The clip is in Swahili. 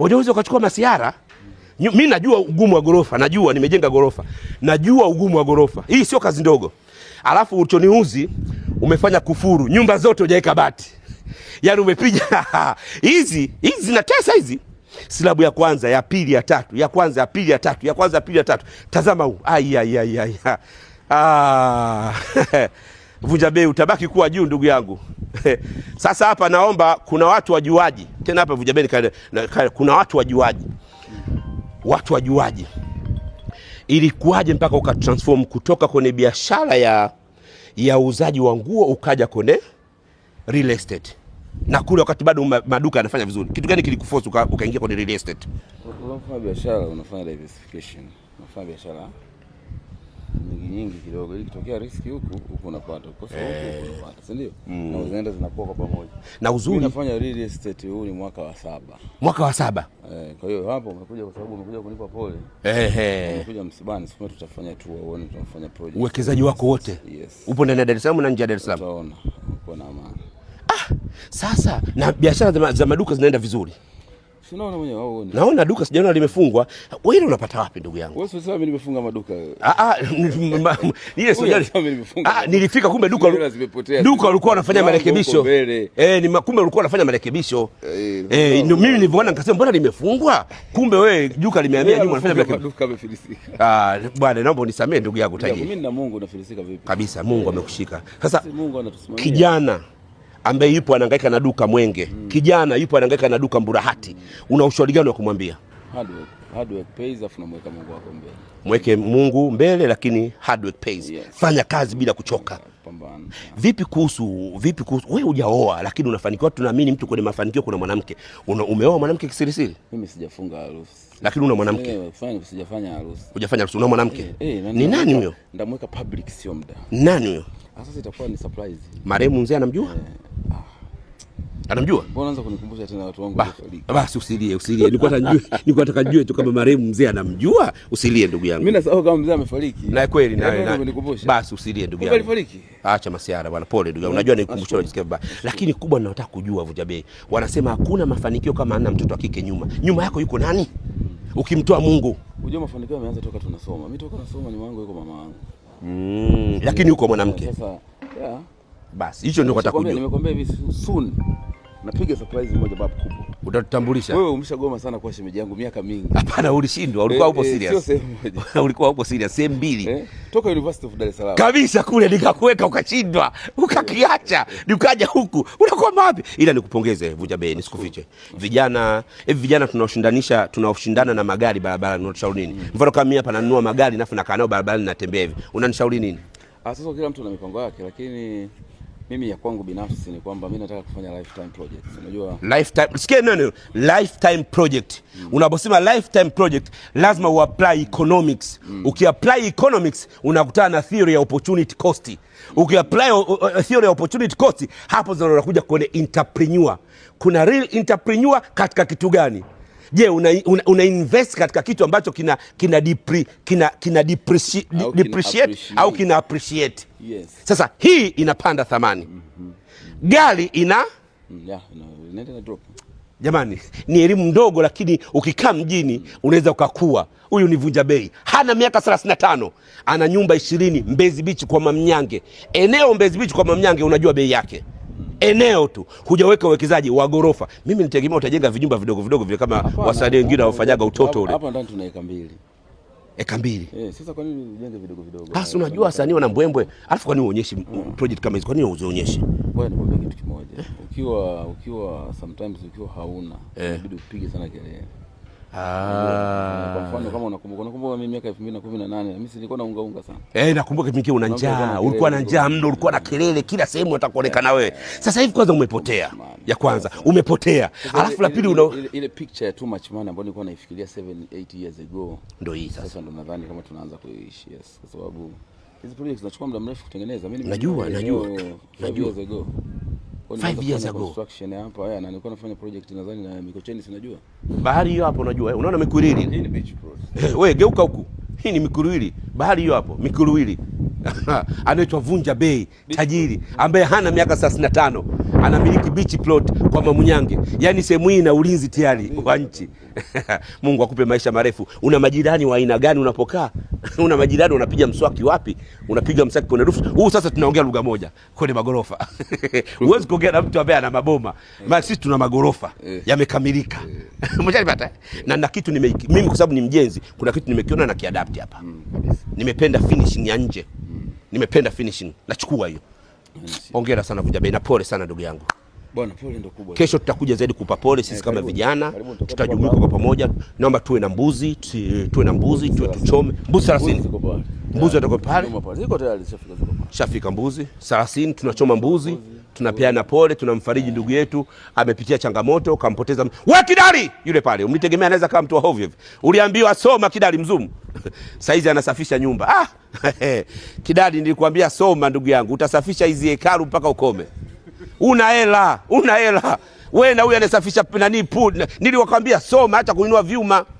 wajaweza ukachukua masiara. Mi najua ugumu wa gorofa, najua nimejenga gorofa, najua ugumu wa gorofa. Hii sio kazi ndogo. Alafu uchoniuzi umefanya kufuru, nyumba zote hujaweka bati, yani umepiga hizi hizi zinatesa hizi silabu ya kwanza ya pili ya tatu ya kwanza ya pili ya tatu ya kwanza ya pili ya tatu. Tazama huu ai ah. vunja bei utabaki kuwa juu ndugu yangu. Sasa hapa naomba, kuna watu wajuaji tena hapa Vujabeni, kuna watu wajuaji, watu wajuaji, ilikuwaje mpaka ukatransform kutoka kwenye biashara ya ya uuzaji wa nguo ukaja kwenye real estate na kule wakati bado maduka yanafanya vizuri, kitu gani kilikuforce ukaingia uka kwenye real estate? Unafanya biashara, unafanya diversification, unafanya biashara nyingi nyingi kidogo, ili kitokea riski huku huku unapata kosa huku eh. unapata, si ndio? Mm. Na uzenda zinakuwa kwa pamoja, na uzuri nafanya real estate. Huu ni mwaka wa saba, mwaka wa saba. Eh, kwa hiyo hapo umekuja kwa sababu umekuja kunipa pole. Eh, eh, umekuja msibani, sasa tutafanya tu uone tutafanya project. Uwekezaji wako wote, yes, upo ndani ya Dar es Salaam na nje ya Dar es Salaam, utaona uko na amani. Ah, sasa na biashara za maduka zinaenda vizuri. Sinaona mwenyewe au uone? Naona duka sijaona limefungwa. Wewe unapata wapi ndugu yangu? Wewe sasa mimi nimefunga maduka. Ah ah, ile sio Ah, nilifika kumbe duka zimepotea. duka walikuwa wanafanya marekebisho. Eh, ni kumbe walikuwa wanafanya marekebisho. Eh, eh ndio mimi nilivyoona nikasema mbona limefungwa? Kumbe wewe duka limehamia nyuma wanafanya marekebisho. Duka limefilisika. Ah, bwana naomba unisamee ndugu yangu tajiri. Mimi na Mungu nafilisika vipi? Kabisa Mungu amekushika. Sasa Mungu anatusimamia. Kijana ambaye yupo anahangaika na duka Mwenge mm. kijana yupo anahangaika na duka Mburahati mm. una ushauri gani wa kumwambia? hard work, hard work pays, afu namweka Mungu wako mbele, mweke Mungu mbele, lakini hard work pays. Yes. fanya kazi bila kuchoka Pambana. Vipi kuhusu vipi kuhusu wewe hujaoa lakini unafanikiwa. Tunaamini mtu kwenye mafanikio kuna mwanamke. Umeoa mwanamke kisirisiri? Mimi sijafunga harusi. Lakini una mwanamke? Eh, sijafanya harusi. Hujafanya harusi, una mwanamke? Eh, eh, ni nani huyo? Ndamweka public, sio muda. Nani huyo? Ah, sasa itakuwa ni surprise. Marehemu mzee anamjua? Yeah. Anamjua? Mbona unaanza kunikumbusha tena watu wangu waliofariki? Basi usilie, usilie. Nilikuwa najua, nilikuwa nataka jue tu kama marehemu mzee anamjua. Usilie ndugu yangu. Mimi nasahau kama mzee amefariki. Na kweli na yaani basi usilie ndugu yangu. Amefariki. Acha masiara bwana, pole ndugu yangu. Unajua nikukumbusha unajisikia vibaya. Lakini kubwa ninataka kujua Vuja Bey. Wanasema hakuna mafanikio kama hana mtoto wa kike nyuma. Nyuma yako yuko nani? Ukimtoa Mungu. Unajua mafanikio yameanza toka tunasoma. Mimi toka nasoma ni mwanangu yuko mama yangu. Mm, lakini yuko mwanamke. Sasa, yeah. Basi hicho ndio nataka kujua. Nimekwambia hivi soon napiga surprise moja babu kubwa. Utatutambulisha. Wewe umeshagoma sana kwa shemeji yangu miaka mingi. Hapana, ulishindwa, ulikuwa eh, upo eh, serious. Sio sehemu moja. Ulikuwa upo serious, sehemu mbili. Eh, toka University of Dar es Salaam. Kabisa kule nikakuweka ukashindwa, ukakiacha, nikaja huku. Unakuwa wapi? Ila nikupongeze Vuja Bei, nisikufiche. Vijana, hivi vijana tunaoshindanisha, tunaoshindana na magari barabarani, unatushauri nini? Mm. Mfano kama mimi hapa nanunua magari, nafu nakaa nao barabarani natembea hivi. Unanishauri nini? Ah, sasa kila mtu ana mipango yake, lakini mimi ya kwangu binafsi ni kwamba mimi nataka kufanya lifetime project. Unajua lifetime, sikia neno lifetime project. Mm. Unaposema lifetime project lazima uapply economics. Mm. Ukiapply economics unakutana na theory ya opportunity cost. Ukiapply uh, uh, uh, theory ya opportunity cost, hapo zinakuja kwenye entrepreneur. Kuna real entrepreneur katika kitu gani? Je, una, una, una invest katika kitu ambacho kina kina depre, kina, kina depreciate au depreciate, kina, kina appreciate yes. Sasa hii inapanda thamani mm-hmm. mm -hmm. Gari ina yeah, no, drop. Jamani, ni elimu ndogo, lakini ukikaa mjini mm. unaweza ukakua. Huyu ni vunja bei, hana miaka 35 ana nyumba ishirini Mbezi Beach kwa Mamnyange, eneo Mbezi Beach kwa Mamnyange, unajua bei yake eneo tu, hujaweka uwekezaji wa ghorofa. Mimi nitegemea utajenga vijumba vidogo vidogo vile kama wasanii wengine wafanyaga utoto ule. Hapa ndani tuna eka mbili, eka mbili. Eh, sasa kwa nini ujenge vidogo vidogo? Hasa ah, unajua wasanii wana mbwembwe, alafu kwa nini uonyeshi project kama hizo? Kwa nini uzionyeshe? Ngoja kwa kitu kimoja, ukiwa ukiwa sometimes ukiwa hauna eh. inabidi upige sana kelele nakumbuka kipindi kile una njaa, ulikuwa na njaa mno, ulikuwa na kelele kila sehemu atakuonekana eh. wewe. Sasa hivi kwanza umepotea. Ya kwanza umepotea. Alafu la pili una ile picture too much man ambayo nilikuwa naifikiria 7 8 years ago. Ndio hii sasa. ndo nadhani kama tunaanza kuishi kwa sababu hizi projects zinachukua muda mrefu kutengeneza. Mimi najua, najua. Najua years ago construction hapa haya, yaani, na nilikuwa nafanya project nadhani na Mikocheni, sinajua bahari hiyo hapo. Unajua eh? unaona Mikurwili, hii ni beach eh, Wewe geuka huku, hii ni Mikurwili, bahari hiyo hapo Mikuruwili. anaitwa Vunja Bei, tajiri ambaye hana miaka 35 anamiliki beach plot kwa Mamunyange, yaani sehemu hii ina ulinzi tayari wa nchi. Mungu akupe maisha marefu. Una majirani wa aina gani unapokaa? Una majirani unapiga mswaki wapi? Unapiga mswaki kwenye roof? Huu sasa tunaongea lugha moja kwenye magorofa. Huwezi kuongea na mtu ambaye ana maboma. Maana sisi tuna magorofa yamekamilika. Mshanipata? Na na kitu nime mimi kwa sababu ni mjenzi, kuna kitu nimekiona na kiadapt hapa. Hmm, Nimependa finishing ya nje nimependa finishing, nachukua hiyo. Hongera sana Vujabei na pole sana ndugu yangu. Bwana pole ndio kubwa. Kesho tutakuja zaidi kupa pole sisi eh, kama vijana, tutajumuika kwa pamoja. Naomba tuwe na mbuzi, tuwe na mbuzi, tuwe tuchome mbuzi 30. Mbuzi atakuwa pale. Ziko tayari, shafika mbuzi 30, tunachoma mbuzi tunapeana pole, tunamfariji ndugu yetu, amepitia changamoto, kampoteza. We kidali yule pale umlitegemea anaweza kama mtu wa hovyo hivi, uliambiwa soma kidali mzumu saizi anasafisha nyumba ah! Kidali, nilikwambia soma, ndugu yangu, utasafisha hizi hekalu mpaka ukome. Una hela, una hela we na huyu anasafisha nani pool, niliwakwambia soma, acha kuinua vyuma.